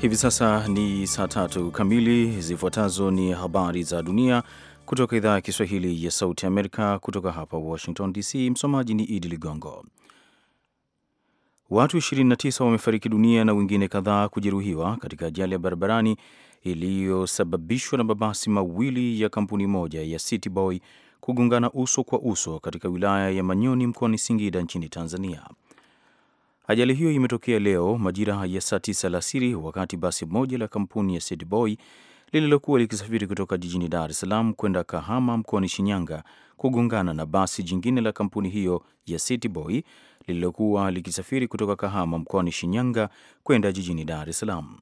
Hivi sasa ni saa tatu kamili. Zifuatazo ni habari za dunia kutoka idhaa ya Kiswahili ya Sauti Amerika, kutoka hapa Washington DC. Msomaji ni Idi Ligongo. Watu 29 wamefariki dunia na wengine kadhaa kujeruhiwa katika ajali ya barabarani iliyosababishwa na mabasi mawili ya kampuni moja ya City Boy kugongana uso kwa uso katika wilaya ya Manyoni mkoani Singida nchini Tanzania. Ajali hiyo imetokea leo majira ya saa tisa alasiri wakati basi moja la kampuni ya City Boy lililokuwa likisafiri kutoka jijini Dar es Salaam kwenda Kahama mkoani Shinyanga kugongana na basi jingine la kampuni hiyo ya City Boy lililokuwa likisafiri kutoka Kahama mkoani Shinyanga kwenda jijini Dar es Salaam.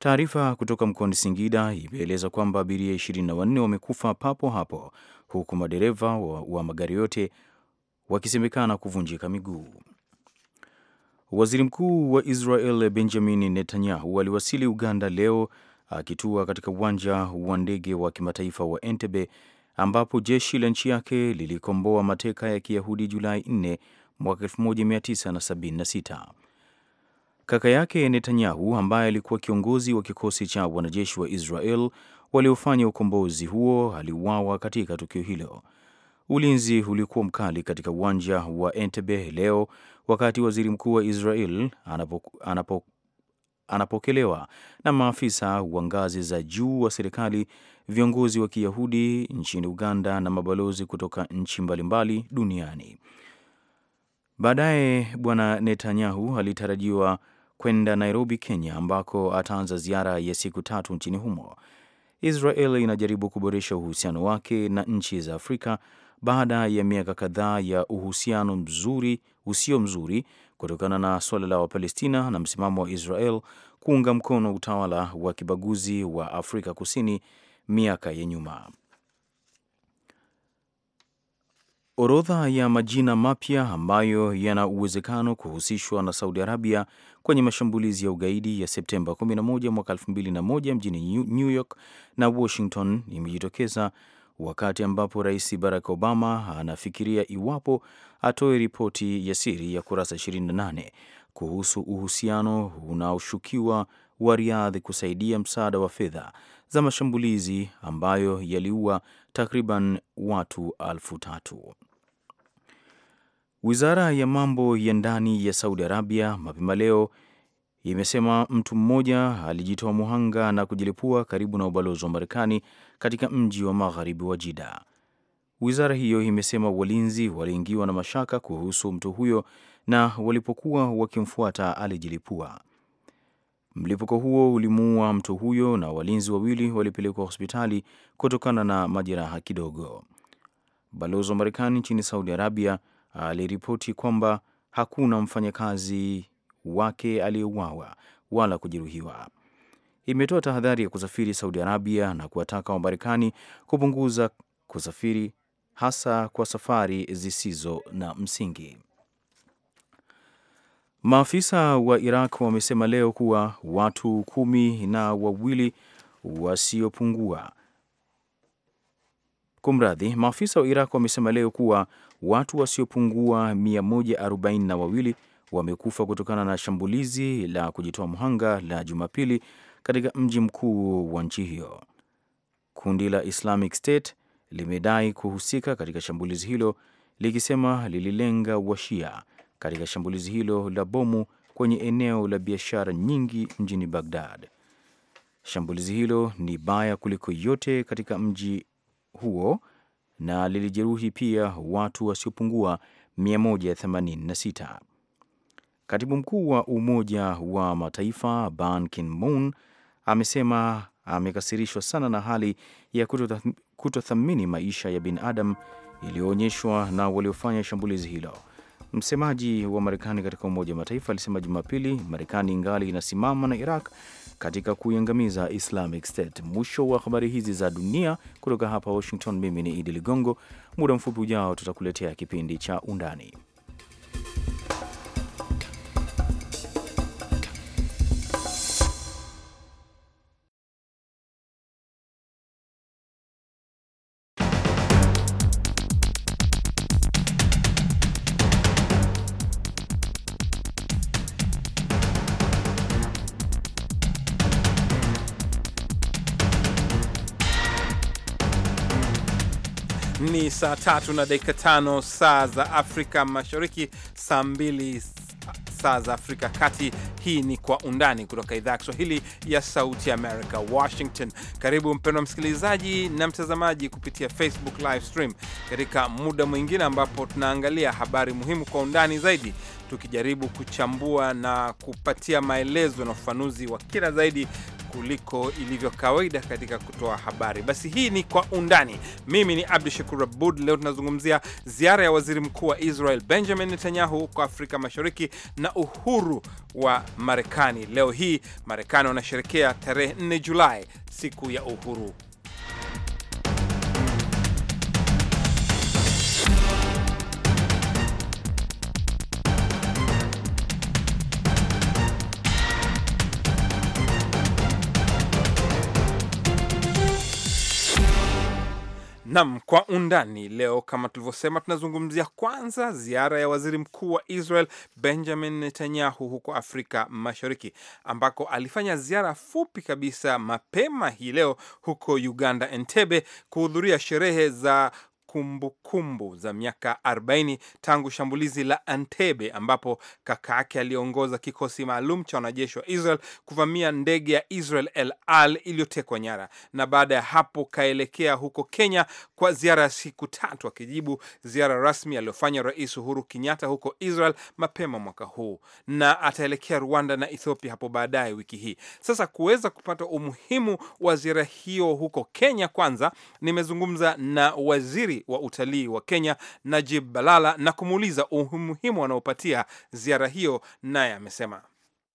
Taarifa kutoka mkoani Singida imeeleza kwamba abiria 24 wamekufa papo hapo huku madereva wa, wa magari yote wakisemekana kuvunjika miguu. Waziri Mkuu wa Israel Benjamin Netanyahu aliwasili Uganda leo akitua katika uwanja wa ndege wa kimataifa wa Entebbe ambapo jeshi la nchi yake lilikomboa mateka ya Kiyahudi Julai 4 mwaka 1976. Kaka yake Netanyahu ambaye alikuwa kiongozi wa kikosi cha wanajeshi wa Israel waliofanya ukombozi huo aliuawa katika tukio hilo. Ulinzi ulikuwa mkali katika uwanja wa Entebbe leo wakati waziri mkuu wa Israel anapo, anapo, anapokelewa na maafisa wa ngazi za juu wa serikali, viongozi wa Kiyahudi nchini Uganda na mabalozi kutoka nchi mbalimbali duniani. Baadaye Bwana Netanyahu alitarajiwa kwenda Nairobi, Kenya, ambako ataanza ziara ya siku tatu nchini humo. Israel inajaribu kuboresha uhusiano wake na nchi za Afrika baada ya miaka kadhaa ya uhusiano mzuri usio mzuri kutokana na suala la Wapalestina na msimamo wa Israel kuunga mkono utawala wa kibaguzi wa Afrika Kusini miaka ya nyuma. Orodha ya majina mapya ambayo yana uwezekano kuhusishwa na Saudi Arabia kwenye mashambulizi ya ugaidi ya Septemba 11 mwaka 2001 mjini New York na Washington imejitokeza wakati ambapo Rais Barack Obama anafikiria iwapo atoe ripoti ya siri ya kurasa 28 kuhusu uhusiano unaoshukiwa wa riadhi kusaidia msaada wa fedha za mashambulizi ambayo yaliua takriban watu elfu tatu. Wizara ya mambo ya ndani ya Saudi Arabia mapema leo imesema mtu mmoja alijitoa muhanga na kujilipua karibu na ubalozi wa Marekani katika mji wa magharibi wa Jida. Wizara hiyo imesema walinzi waliingiwa na mashaka kuhusu mtu huyo na walipokuwa wakimfuata alijilipua. Mlipuko huo ulimuua mtu huyo na walinzi wawili walipelekwa hospitali kutokana na majeraha kidogo. Balozi wa Marekani nchini Saudi Arabia aliripoti kwamba hakuna mfanyakazi wake aliyeuawa wala kujeruhiwa. Imetoa tahadhari ya kusafiri Saudi Arabia na kuwataka Wamarekani kupunguza kusafiri hasa kwa safari zisizo na msingi. Maafisa wa Iraq wamesema leo kuwa watu kumi na wawili wasiopungua Kumradhi, maafisa wa Iraq wamesema leo kuwa watu wasiopungua wawili wamekufa kutokana na shambulizi la kujitoa mhanga la Jumapili katika mji mkuu wa nchi hiyo. Kundi la Islamic State limedai kuhusika katika shambulizi hilo likisema lililenga washia katika shambulizi hilo la bomu kwenye eneo la biashara nyingi mjini Bagdad. Shambulizi hilo ni baya kuliko yote katika mji huo na lilijeruhi pia watu wasiopungua 186. Katibu mkuu wa Umoja wa Mataifa Ban Ki-moon amesema amekasirishwa sana na hali ya kutothamini maisha ya binadamu iliyoonyeshwa na waliofanya shambulizi hilo. Msemaji wa Marekani katika Umoja wa Mataifa alisema Jumapili Marekani ingali inasimama na Iraq katika kuiangamiza Islamic State. Mwisho wa habari hizi za dunia kutoka hapa Washington, mimi ni Idi Ligongo. Muda mfupi ujao tutakuletea kipindi cha Undani. saa tatu na dakika tano saa za Afrika Mashariki, saa mbili saa za Afrika Kati. Hii ni Kwa Undani kutoka idhaa ya Kiswahili ya Sauti ya Amerika, Washington. Karibu mpendwa msikilizaji na mtazamaji kupitia Facebook live stream katika muda mwingine ambapo tunaangalia habari muhimu kwa undani zaidi, tukijaribu kuchambua na kupatia maelezo na ufafanuzi wa kina zaidi kuliko ilivyo kawaida katika kutoa habari. Basi hii ni Kwa Undani. Mimi ni Abdu Shakur Abud. Leo tunazungumzia ziara ya waziri mkuu wa Israel Benjamin Netanyahu huko Afrika Mashariki na uhuru wa Marekani. Leo hii Marekani wanasherekea tarehe 4 Julai, siku ya uhuru. Nam kwa undani leo, kama tulivyosema, tunazungumzia kwanza ziara ya waziri mkuu wa Israel Benjamin Netanyahu huko Afrika Mashariki, ambako alifanya ziara fupi kabisa mapema hii leo huko Uganda, Entebbe, kuhudhuria sherehe za kumbukumbu kumbu za miaka 40 tangu shambulizi la Entebbe ambapo kaka yake aliongoza kikosi maalum cha wanajeshi wa Israel kuvamia ndege ya Israel El Al iliyotekwa nyara, na baada ya hapo kaelekea huko Kenya kwa ziara ya siku tatu, akijibu ziara rasmi aliyofanya Rais Uhuru Kenyatta huko Israel mapema mwaka huu, na ataelekea Rwanda na Ethiopia hapo baadaye wiki hii. Sasa kuweza kupata umuhimu wa ziara hiyo huko Kenya, kwanza nimezungumza na waziri wa utalii wa Kenya Najib Balala na kumuuliza umuhimu wanaopatia ziara hiyo, naye amesema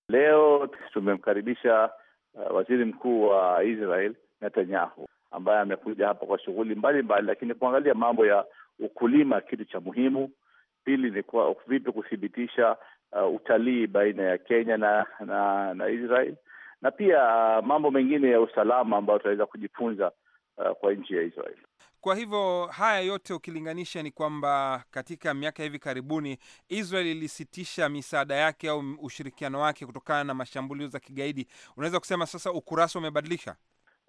leo tumemkaribisha uh, waziri mkuu wa Israel Netanyahu ambaye amekuja hapa kwa shughuli mbalimbali, lakini kuangalia mambo ya ukulima, kitu cha muhimu. Pili ni kwa vipi kuthibitisha uh, utalii baina ya Kenya na na, na Israel na pia uh, mambo mengine ya usalama ambayo tunaweza kujifunza uh, kwa nchi ya Israel. Kwa hivyo haya yote ukilinganisha ni kwamba katika miaka hivi karibuni Israel ilisitisha misaada yake au ushirikiano wake kutokana na mashambulio za kigaidi. Unaweza kusema sasa ukurasa umebadilika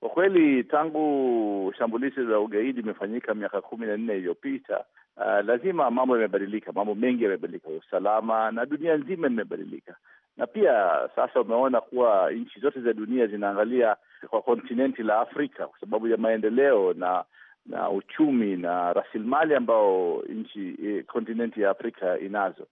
kwa kweli. Tangu shambulizi za ugaidi imefanyika miaka kumi na nne iliyopita, uh, lazima mambo yamebadilika, mambo mengi yamebadilika, usalama na dunia nzima imebadilika na pia sasa umeona kuwa nchi zote za dunia zinaangalia kwa kontinenti la Afrika kwa sababu ya maendeleo na na uchumi na rasilimali ambao nchi kontinenti eh, ya Afrika inazo.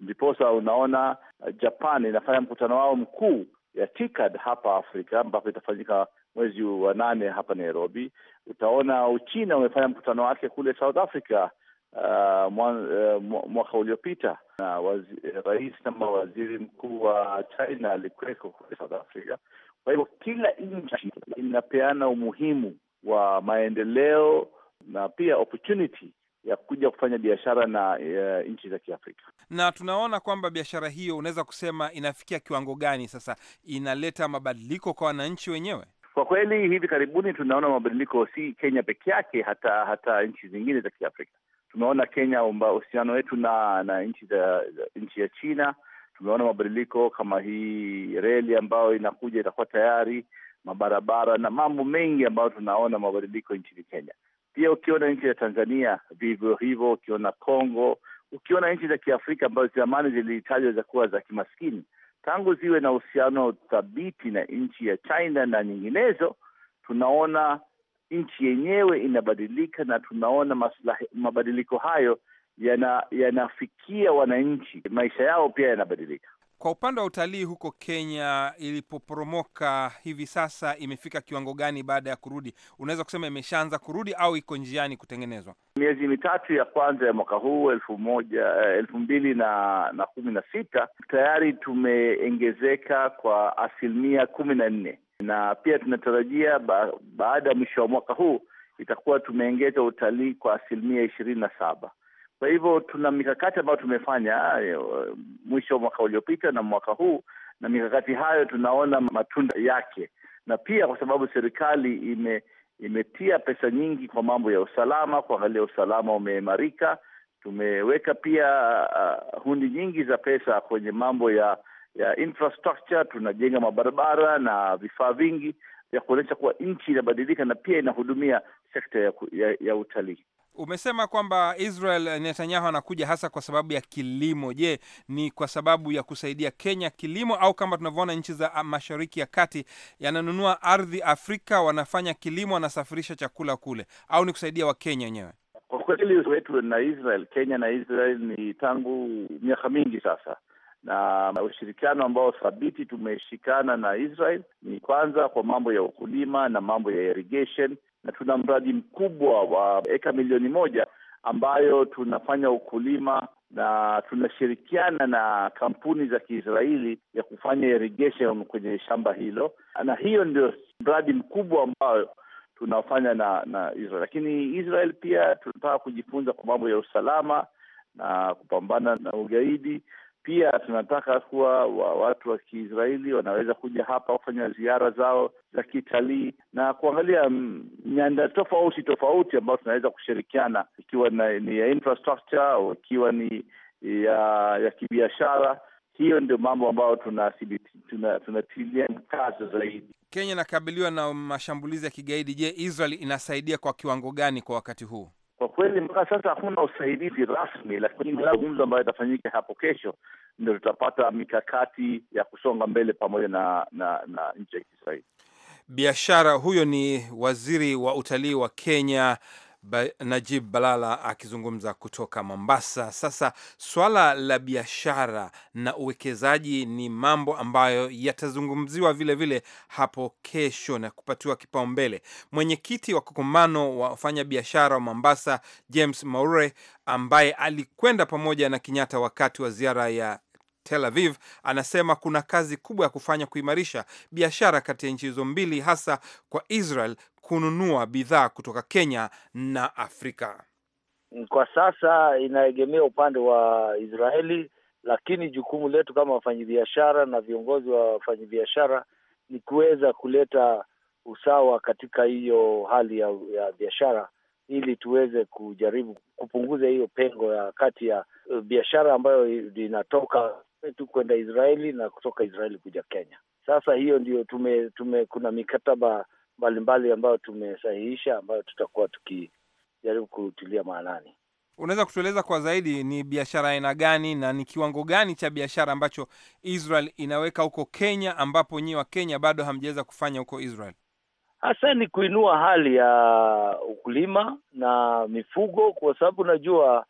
Ndiposa unaona eh, Japan inafanya mkutano wao mkuu ya TICAD hapa Afrika ambapo itafanyika mwezi wa nane hapa Nairobi. Utaona Uchina umefanya mkutano wake kule South Africa uh, uh, mwaka uliopita na wazi, rais ama waziri mkuu wa China alikuweko kule South Africa. Kwa hivyo kila nchi inapeana umuhimu wa maendeleo na pia opportunity ya kuja kufanya biashara na uh, nchi za Kiafrika. Na tunaona kwamba biashara hiyo unaweza kusema inafikia kiwango gani sasa, inaleta mabadiliko kwa wananchi wenyewe? Kwa kweli hivi karibuni tunaona mabadiliko, si Kenya peke yake, hata hata nchi zingine za Kiafrika. Tumeona Kenya, uhusiano wetu na na nchi za nchi ya China, tumeona mabadiliko kama hii reli ambayo inakuja itakuwa tayari mabarabara na mambo mengi ambayo tunaona mabadiliko nchini Kenya. Pia ukiona nchi ya Tanzania vivyo hivyo, ukiona Kongo, ukiona nchi za Kiafrika ambazo zamani zilitajwa za kuwa za kimaskini, tangu ziwe na uhusiano thabiti na nchi ya China na nyinginezo, tunaona nchi yenyewe inabadilika na tunaona maslahi, mabadiliko hayo yanafikia yana wananchi, maisha yao pia yanabadilika. Kwa upande wa utalii huko Kenya ilipoporomoka, hivi sasa imefika kiwango gani baada ya kurudi? Unaweza kusema imeshaanza kurudi au iko njiani kutengenezwa? Miezi mitatu ya kwanza ya mwaka huu elfu moja eh, elfu mbili na, na kumi na sita tayari tumeongezeka kwa asilimia kumi na nne na pia tunatarajia ba, baada ya mwisho wa mwaka huu itakuwa tumeongeza utalii kwa asilimia ishirini na saba. Kwa hivyo tuna mikakati ambayo tumefanya eh, mwisho wa mwaka uliopita na mwaka huu, na mikakati hayo tunaona matunda yake, na pia kwa sababu serikali ime imetia pesa nyingi kwa mambo ya usalama, kuangalia usalama umeimarika. Tumeweka pia uh, hundi nyingi za pesa kwenye mambo ya ya infrastructure. Tunajenga mabarabara na vifaa vingi vya kuonyesha kuwa nchi inabadilika na pia inahudumia sekta ya, ya, ya utalii. Umesema kwamba Israel eh, Netanyahu anakuja hasa kwa sababu ya kilimo. Je, ni kwa sababu ya kusaidia Kenya kilimo, au kama tunavyoona nchi za ah, mashariki ya kati yananunua ardhi Afrika, wanafanya kilimo, wanasafirisha chakula kule, au ni kusaidia Wakenya wenyewe? Kwa kweli wetu na Israel, Kenya na Israel ni tangu miaka mingi sasa na ushirikiano ambao thabiti tumeshikana na Israel ni kwanza kwa mambo ya ukulima na mambo ya irrigation, na tuna mradi mkubwa wa eka milioni moja ambayo tunafanya ukulima na tunashirikiana na kampuni za Kiisraeli ya kufanya irrigation kwenye shamba hilo, na hiyo ndio mradi mkubwa ambayo tunafanya na na Israel. Lakini Israel pia tunataka kujifunza kwa mambo ya usalama na kupambana na ugaidi. Pia tunataka kuwa wa watu wa Kiisraeli wanaweza kuja hapa kufanya ziara zao za kitalii na kuangalia mm, nyanda tofauti tofauti ambayo tunaweza kushirikiana, ikiwa ni ya infrastructure au ikiwa ni ya ya kibiashara. Hiyo ndio mambo ambayo tunatilia tuna, tuna mkazo zaidi. Kenya inakabiliwa na mashambulizi ya kigaidi. Je, Israel inasaidia kwa kiwango gani kwa wakati huu? Kwa kweli mpaka sasa hakuna usaidizi rasmi, lakini mazungumzo ambayo yatafanyika hapo kesho ndio tutapata mikakati ya kusonga mbele pamoja na, na, na nchi ya Kiswahili biashara. Huyo ni waziri wa utalii wa Kenya ba, Najib Balala akizungumza kutoka Mombasa. Sasa swala la biashara na uwekezaji ni mambo ambayo yatazungumziwa vilevile hapo kesho na kupatiwa kipaumbele. Mwenyekiti wa kongamano wa wafanyabiashara wa Mombasa James Maure, ambaye alikwenda pamoja na Kenyatta wakati wa ziara ya Tel Aviv anasema kuna kazi kubwa ya kufanya kuimarisha biashara kati ya nchi hizo mbili, hasa kwa Israel kununua bidhaa kutoka Kenya na Afrika. Kwa sasa inaegemea upande wa Israeli, lakini jukumu letu kama wafanyabiashara na viongozi wa wafanyabiashara ni kuweza kuleta usawa katika hiyo hali ya, ya biashara ili tuweze kujaribu kupunguza hiyo pengo ya kati ya uh, biashara ambayo inatoka tu kwenda Israeli na kutoka Israeli kuja Kenya. Sasa hiyo ndio tume, tume kuna mikataba mbalimbali ambayo tumesahihisha ambayo tutakuwa tukijaribu kutilia maanani. Unaweza kutueleza kwa zaidi ni biashara aina gani na ni kiwango gani cha biashara ambacho Israel inaweka huko Kenya, ambapo nyinyi wa Kenya bado hamjaweza kufanya huko Israel? Hasa ni kuinua hali ya ukulima na mifugo, kwa sababu najua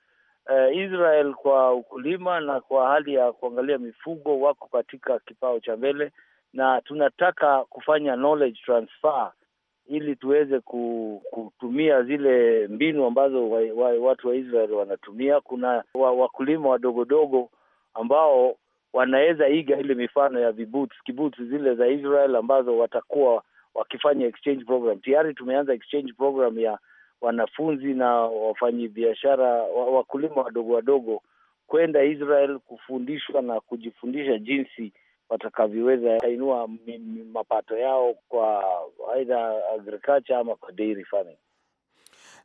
eh, Israel kwa ukulima na kwa hali ya kuangalia mifugo wako katika kipao cha mbele, na tunataka kufanya knowledge transfer ili tuweze kutumia zile mbinu ambazo wa, wa, watu wa Israel wanatumia. Kuna wa, wakulima wadogodogo ambao wanaweza iga ile mifano ya vibuts kibuts zile za Israel ambazo watakuwa wakifanya exchange program. Tayari tumeanza exchange program ya wanafunzi na wafanyi wa, wakulima wadogo wadogo kwenda Israel kufundishwa na kujifundisha jinsi watakavyoweza kainua mapato yao kwa aidha agriculture ama kwa dairy farming.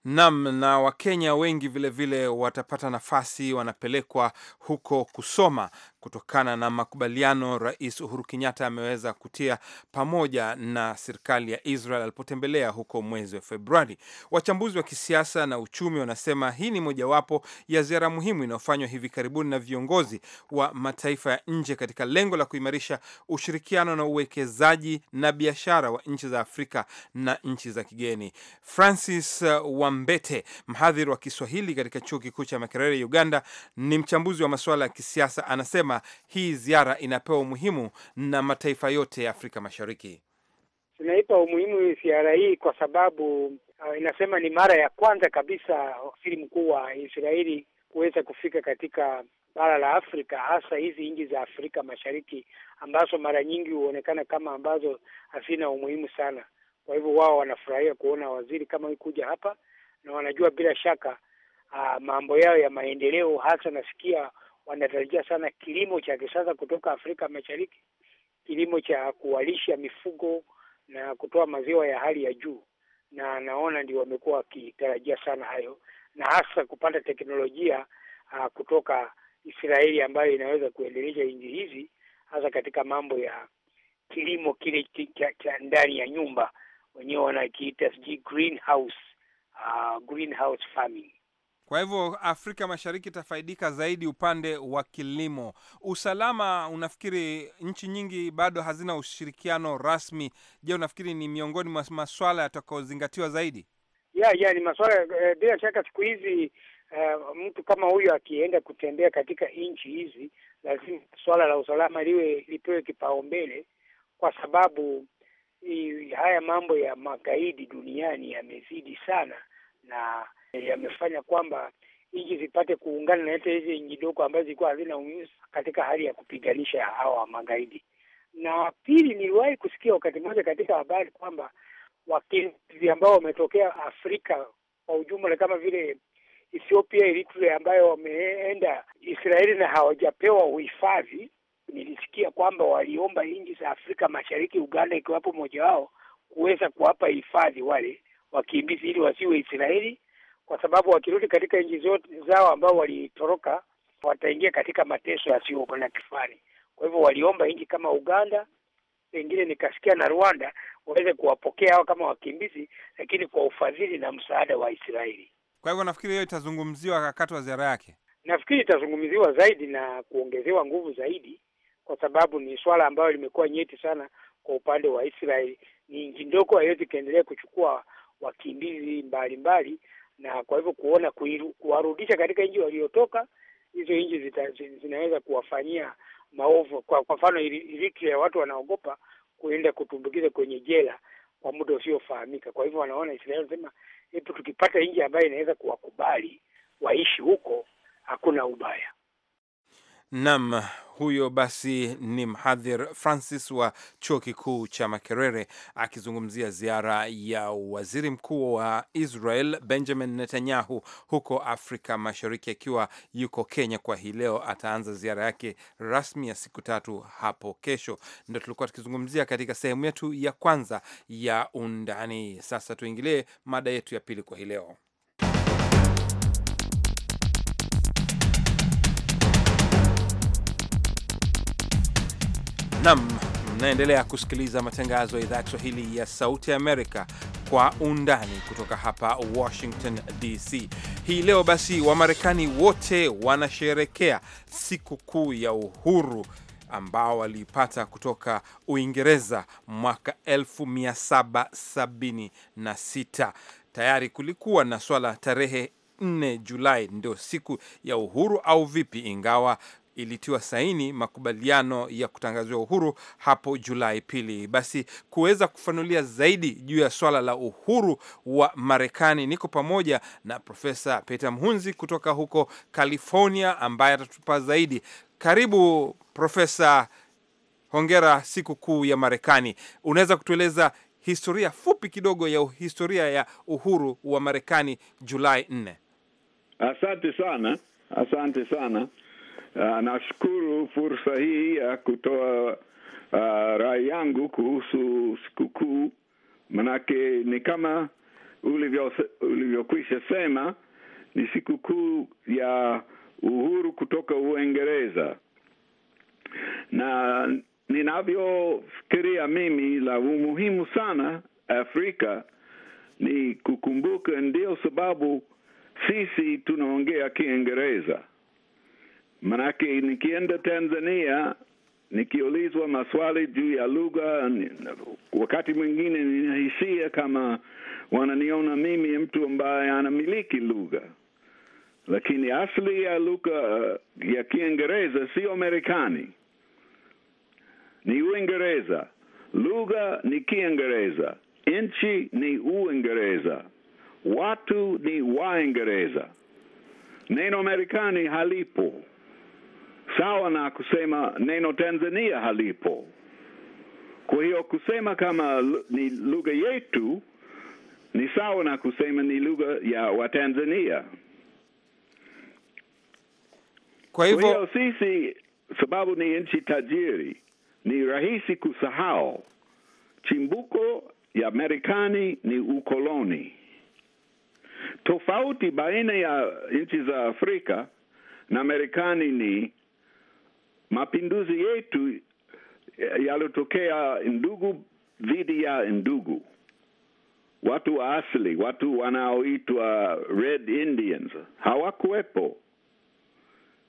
Naam, na Wakenya wengi vilevile vile watapata nafasi, wanapelekwa huko kusoma kutokana na makubaliano Rais Uhuru Kenyatta ameweza kutia pamoja na serikali ya Israel alipotembelea huko mwezi wa Februari. Wachambuzi wa kisiasa na uchumi wanasema hii ni mojawapo ya ziara muhimu inayofanywa hivi karibuni na viongozi wa mataifa ya nje katika lengo la kuimarisha ushirikiano na uwekezaji na biashara wa nchi za Afrika na nchi za kigeni. Francis uh, Wambete, mhadhiri wa Kiswahili katika chuo kikuu cha Makerere, Uganda, ni mchambuzi wa masuala ya kisiasa, anasema hii ziara inapewa umuhimu na mataifa yote ya Afrika Mashariki. Tunaipa umuhimu ziara hii kwa sababu uh, inasema ni mara ya kwanza kabisa waziri mkuu wa Israeli kuweza kufika katika bara la Afrika, hasa hizi nchi za Afrika Mashariki ambazo mara nyingi huonekana kama ambazo hazina umuhimu sana. Kwa hivyo wao wanafurahia kuona waziri kama kuja hapa, na wanajua bila shaka uh, mambo yao ya maendeleo, hasa nasikia wanatarajia sana kilimo cha kisasa kutoka Afrika Mashariki, kilimo cha kuwalisha mifugo na kutoa maziwa ya hali ya juu, na naona ndio wamekuwa wakitarajia sana hayo, na hasa kupata teknolojia uh, kutoka Israeli ambayo inaweza kuendeleza nchi hizi hasa katika mambo ya kilimo kile cha ndani ya nyumba, wenyewe wanakiita sijui greenhouse, uh, greenhouse farming. Kwa hivyo Afrika Mashariki itafaidika zaidi upande wa kilimo. Usalama, unafikiri nchi nyingi bado hazina ushirikiano rasmi. Je, unafikiri ni miongoni mwa maswala yatakayozingatiwa zaidi? Yeah, yeah, ni maswala eh, bila shaka. Siku hizi uh, mtu kama huyu akienda kutembea katika nchi hizi, lazima suala la usalama liwe lipewe kipaumbele, kwa sababu eh, haya mambo ya magaidi duniani yamezidi sana na Eh, yamefanya kwamba nchi zipate kuungana na hata hizi nchi dogo ambazo zilikuwa hazina umuhimu katika hali ya kupiganisha hawa magaidi. Na pili, niliwahi kusikia wakati mmoja katika habari kwamba wakimbizi ambao wametokea Afrika kwa ujumla kama vile Ethiopia, Eritrea ambayo wameenda Israeli na hawajapewa uhifadhi, nilisikia kwamba waliomba nchi za Afrika Mashariki, Uganda ikiwapo moja wao, kuweza kuwapa hifadhi wale wakimbizi ili wasiwe Israeli kwa sababu wakirudi katika nchi zote zao ambao walitoroka wataingia katika mateso yasiyo na kifani. Kwa hivyo waliomba nchi kama Uganda, pengine nikasikia na Rwanda waweze kuwapokea hao kama wakimbizi, lakini kwa ufadhili na msaada wa Israeli. Kwa hivyo nafikiri hiyo itazungumziwa wakati wa ziara yake, nafikiri itazungumziwa zaidi na kuongezewa nguvu zaidi, kwa sababu ni swala ambayo limekuwa nyeti sana kwa upande wa Israeli. Ni nchi ndogo, haiwezi ikaendelea kuchukua wakimbizi mbalimbali na kwa hivyo kuona kuwarudisha katika nchi waliotoka, hizo nchi zinaweza kuwafanyia maovu. Kwa mfano mfano Eritrea, watu wanaogopa kuenda kutumbukiza kwenye jela kwa muda usiofahamika. Kwa hivyo wanaona Israel sema hebu tukipata nchi ambayo inaweza kuwakubali waishi huko, hakuna ubaya. Nam huyo basi ni mhadhir Francis wa chuo kikuu cha Makerere akizungumzia ziara ya waziri mkuu wa Israel Benjamin Netanyahu huko Afrika Mashariki, akiwa yuko Kenya kwa hii leo. Ataanza ziara yake rasmi ya siku tatu hapo kesho. Ndo tulikuwa tukizungumzia katika sehemu yetu ya kwanza ya undani. Sasa tuingilie mada yetu ya pili kwa hii leo. Nam, mnaendelea kusikiliza matangazo ya idhaa ya Kiswahili ya Sauti Amerika kwa undani kutoka hapa Washington DC. Hii leo basi, Wamarekani wote wanasherekea kuu ya uhuru ambao waliipata kutoka Uingereza mwaka 1776. Tayari kulikuwa na swala tarehe 4 Julai ndio siku ya uhuru au vipi? Ingawa ilitiwa saini makubaliano ya kutangaziwa uhuru hapo Julai pili. Basi kuweza kufanulia zaidi juu ya swala la uhuru wa Marekani, niko pamoja na Profesa Peter Mhunzi kutoka huko California ambaye atatupa zaidi. Karibu Profesa, hongera siku kuu ya Marekani. Unaweza kutueleza historia fupi kidogo ya historia ya uhuru wa Marekani Julai nne? Asante sana, asante sana. Ah, nashukuru fursa hii ya kutoa uh, rai yangu kuhusu sikukuu, manake ni kama ulivyokwisha sema, ni sikukuu ya uhuru kutoka Uingereza, na ninavyofikiria mimi, la umuhimu sana Afrika ni kukumbuka, ndio sababu sisi tunaongea Kiingereza. Manake nikienda Tanzania nikiulizwa maswali juu ya lugha, wakati mwingine ninahisia kama wananiona mimi mtu ambaye anamiliki lugha, lakini asili ya lugha eh, ya Kiingereza sio Marekani, ni Uingereza. Lugha ni Kiingereza, nchi ni Uingereza, watu ni Waingereza. Neno Marekani halipo sawa na kusema neno Tanzania halipo. Kwa hiyo kusema kama ni lugha yetu ni sawa na kusema ni lugha ya Watanzania. Kwa hivyo sisi, sababu ni nchi tajiri, ni rahisi kusahau chimbuko ya Marekani ni ukoloni. Tofauti baina ya nchi za Afrika na Marekani ni mapinduzi yetu yalotokea ndugu dhidi ya ndugu, watu wa asili, watu wanaoitwa Red Indians hawakuwepo.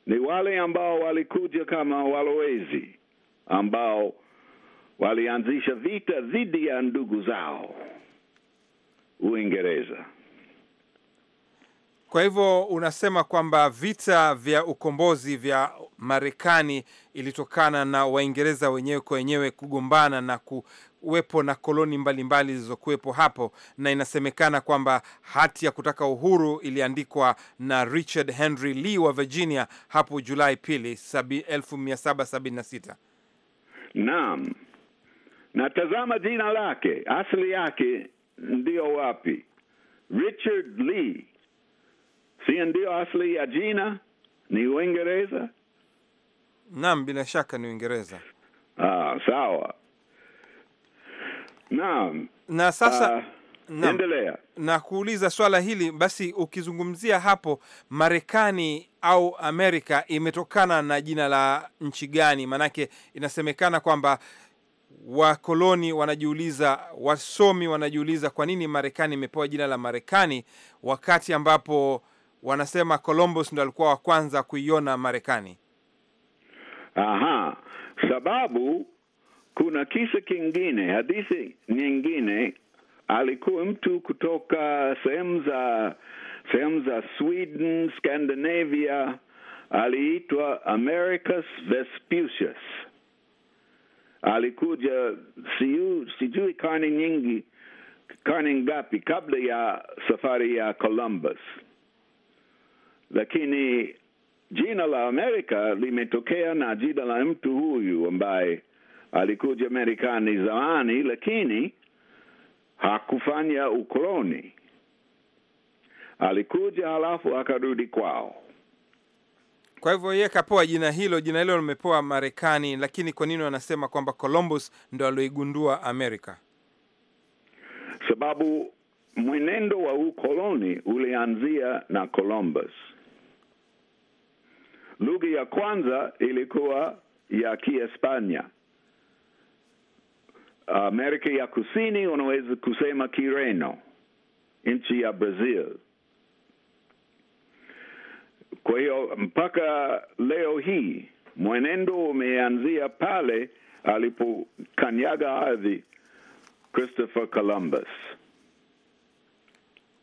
Ni wale ambao walikuja kama walowezi ambao walianzisha vita dhidi ya ndugu zao Uingereza. Kwa hivyo unasema kwamba vita vya ukombozi vya Marekani ilitokana na Waingereza wenyewe kwa wenyewe kugombana na kuwepo na koloni mbalimbali zilizokuwepo hapo, na inasemekana kwamba hati ya kutaka uhuru iliandikwa na Richard Henry Lee wa Virginia hapo Julai pili 1776. Naam, natazama jina lake asili yake ndiyo wapi? Richard Lee si ndio asili ya jina ni Uingereza? Naam, bila shaka ni Uingereza. Ah, sawa. Naam. Na sasa uh, ah, na, endelea na kuuliza swala hili basi, ukizungumzia hapo Marekani au Amerika imetokana na jina la nchi gani? Maanake inasemekana kwamba wakoloni wanajiuliza, wasomi wanajiuliza kwa nini Marekani imepewa jina la Marekani wakati ambapo wanasema Columbus ndo alikuwa wa kwanza kuiona Marekani. Aha, sababu kuna kisa kingine, hadithi nyingine, alikuwa mtu kutoka sehemu za sehemu za Sweden, Scandinavia, aliitwa Americus Vespucius. Alikuja siu, sijui karne nyingi, karne ngapi kabla ya safari ya Columbus lakini jina la Amerika limetokea na jina la mtu huyu ambaye alikuja Marekani zamani, lakini hakufanya ukoloni. Alikuja halafu akarudi kwao. Kwa hivyo yeye kapoa jina hilo, jina hilo limepewa Marekani. Lakini kwa nini wanasema kwamba Columbus ndo alioigundua Amerika? Sababu mwenendo wa ukoloni ulianzia na Columbus. Lugha ya kwanza ilikuwa ya Kiespanya. Amerika ya Kusini unaweza kusema Kireno, nchi ya Brazil. Kwa hiyo mpaka leo hii mwenendo umeanzia pale alipokanyaga ardhi Christopher Columbus.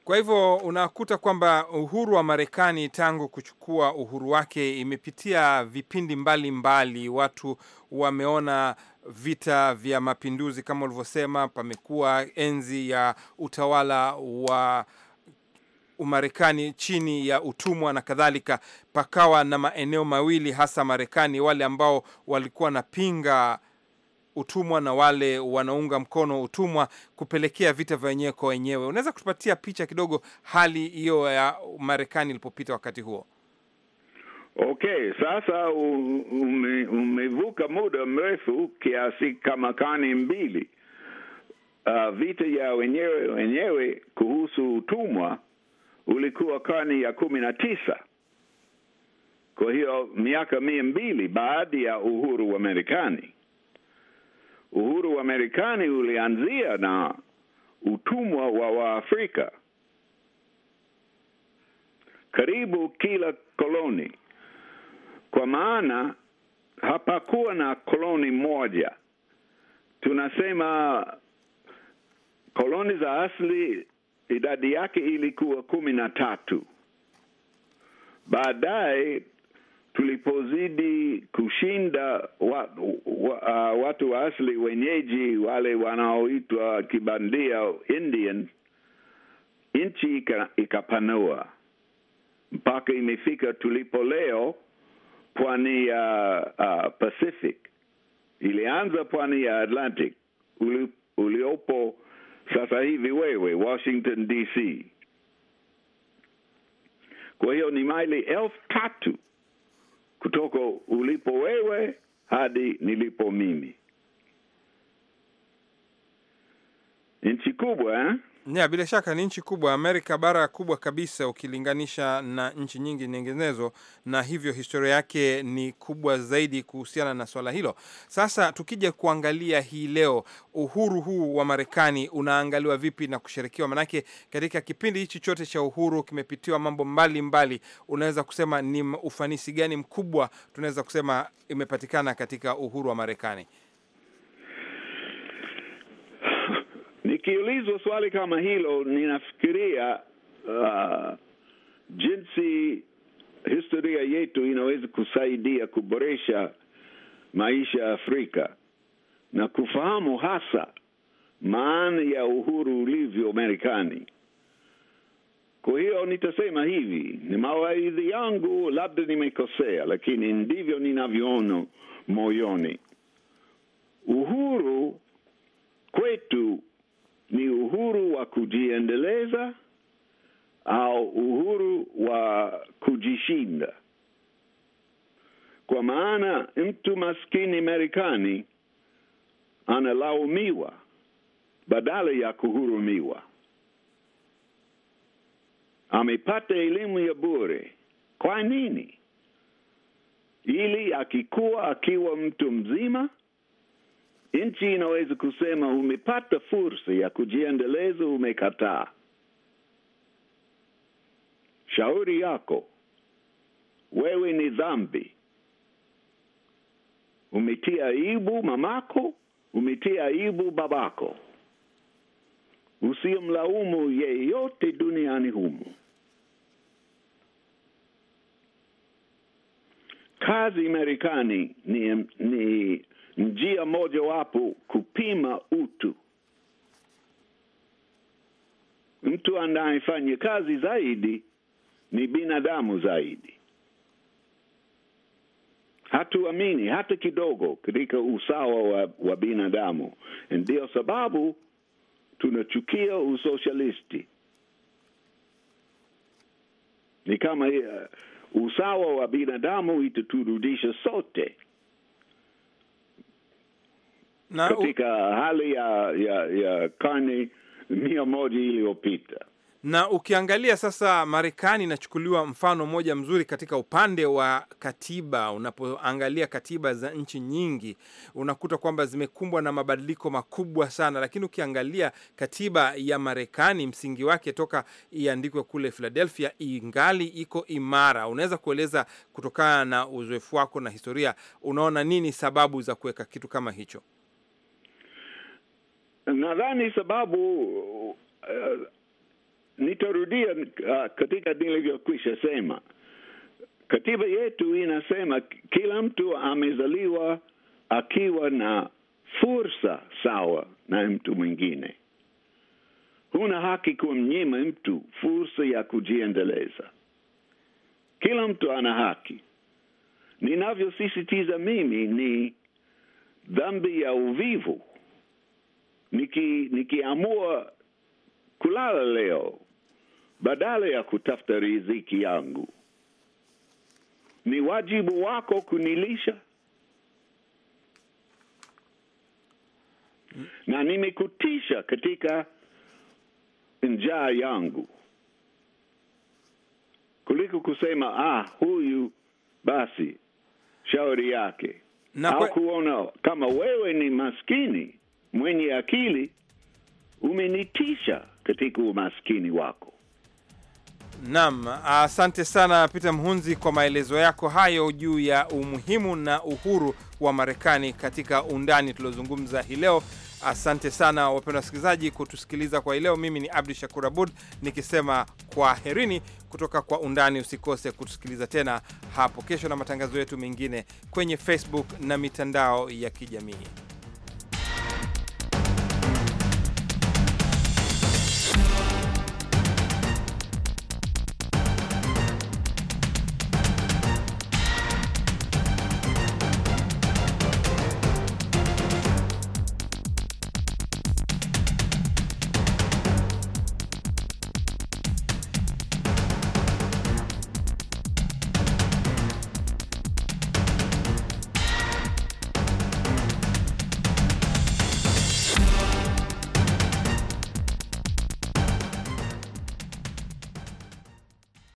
Kwa hivyo unakuta kwamba uhuru wa Marekani tangu kuchukua uhuru wake imepitia vipindi mbalimbali mbali. Watu wameona vita vya mapinduzi kama ulivyosema, pamekuwa enzi ya utawala wa Umarekani chini ya utumwa na kadhalika. Pakawa na maeneo mawili hasa Marekani, wale ambao walikuwa wanapinga utumwa na wale wanaunga mkono utumwa kupelekea vita vya wenyewe kwa wenyewe. Unaweza kutupatia picha kidogo hali hiyo ya Marekani ilipopita wakati huo? Okay, sasa ume, umevuka muda mrefu kiasi kama kani mbili. Uh, vita ya wenyewe wenyewe kuhusu utumwa ulikuwa karne ya kumi na tisa. Kwa hiyo miaka mia mbili baada ya uhuru wa Marekani uhuru wa Marekani ulianzia na utumwa wa Waafrika. Karibu kila koloni, kwa maana hapakuwa na koloni moja. Tunasema koloni za asili idadi yake ilikuwa kumi na tatu. Baadaye tulipozidi kushinda wa, wa, uh, watu wa asili wenyeji wale wanaoitwa kibandia Indian, nchi ikapanua mpaka imefika tulipo leo, pwani ya uh, uh, Pacific. Ilianza pwani ya Atlantic uli, uliopo sasa hivi wewe Washington DC. Kwa hiyo ni maili elfu tatu kutoka ulipo wewe hadi nilipo mimi. Nchi kubwa eh? Yeah, bila shaka ni nchi kubwa Amerika, bara kubwa kabisa ukilinganisha na nchi nyingi nyinginezo, na hivyo historia yake ni kubwa zaidi kuhusiana na swala hilo. Sasa tukija kuangalia hii leo, uhuru huu wa Marekani unaangaliwa vipi na kusherekewa? Manake katika kipindi hichi chote cha uhuru kimepitiwa mambo mbalimbali mbali. Unaweza kusema ni ufanisi gani mkubwa tunaweza kusema imepatikana katika uhuru wa Marekani? nikiulizwa swali kama hilo, ninafikiria uh, jinsi historia yetu inaweza kusaidia kuboresha maisha ya Afrika na kufahamu hasa maana ya uhuru ulivyo Marekani. Kwa hiyo nitasema hivi, ni mawaidhi yangu, labda nimekosea, lakini ndivyo ninavyoona moyoni. Uhuru kwetu ni uhuru wa kujiendeleza au uhuru wa kujishinda. Kwa maana mtu maskini Marekani analaumiwa badala ya kuhurumiwa. Amepata elimu ya bure. Kwa nini? Ili akikuwa akiwa mtu mzima nchi inaweza kusema umepata fursa ya kujiendeleza, umekataa. Shauri yako wewe, ni dhambi. Umetia aibu mamako, umetia aibu babako. usimlaumu yeyote duniani humu. Kazi Marekani ni, ni njia mojawapo kupima utu. Mtu anayefanya kazi zaidi ni binadamu zaidi. Hatuamini hata kidogo katika usawa wa, wa binadamu. Ndio sababu tunachukia usosialisti. Ni kama uh, usawa wa binadamu itaturudisha sote na, katika u... hali ya, ya, ya karne mia moja iliyopita na ukiangalia sasa, Marekani inachukuliwa mfano mmoja mzuri katika upande wa katiba. Unapoangalia katiba za nchi nyingi, unakuta kwamba zimekumbwa na mabadiliko makubwa sana, lakini ukiangalia katiba ya Marekani, msingi wake toka iandikwe kule Philadelphia, ingali iko imara. Unaweza kueleza kutokana na uzoefu wako na historia, unaona nini sababu za kuweka kitu kama hicho? nadhani sababu uh, nitarudia uh, katika nilivyokwisha sema, katiba yetu inasema kila mtu amezaliwa akiwa na fursa sawa na mtu mwingine. Huna haki kumnyima mtu fursa ya kujiendeleza. Kila mtu ana haki. Ninavyosisitiza mimi ni dhambi ya uvivu niki nikiamua kulala leo badala ya kutafuta riziki yangu, ni wajibu wako kunilisha na nimekutisha katika njaa yangu, kuliko kusema ah, huyu basi shauri yake, na au kuona kama wewe ni maskini mwenye akili, umenitisha katika umaskini wako. Naam, asante sana Peter Mhunzi kwa maelezo yako hayo juu ya umuhimu na uhuru wa Marekani katika undani tuliozungumza hii leo. Asante sana wapendwa wasikilizaji kutusikiliza kwa hii leo. Mimi ni Abdu Shakur Abud nikisema kwaherini kutoka kwa undani. Usikose kutusikiliza tena hapo kesho na matangazo yetu mengine kwenye Facebook na mitandao ya kijamii.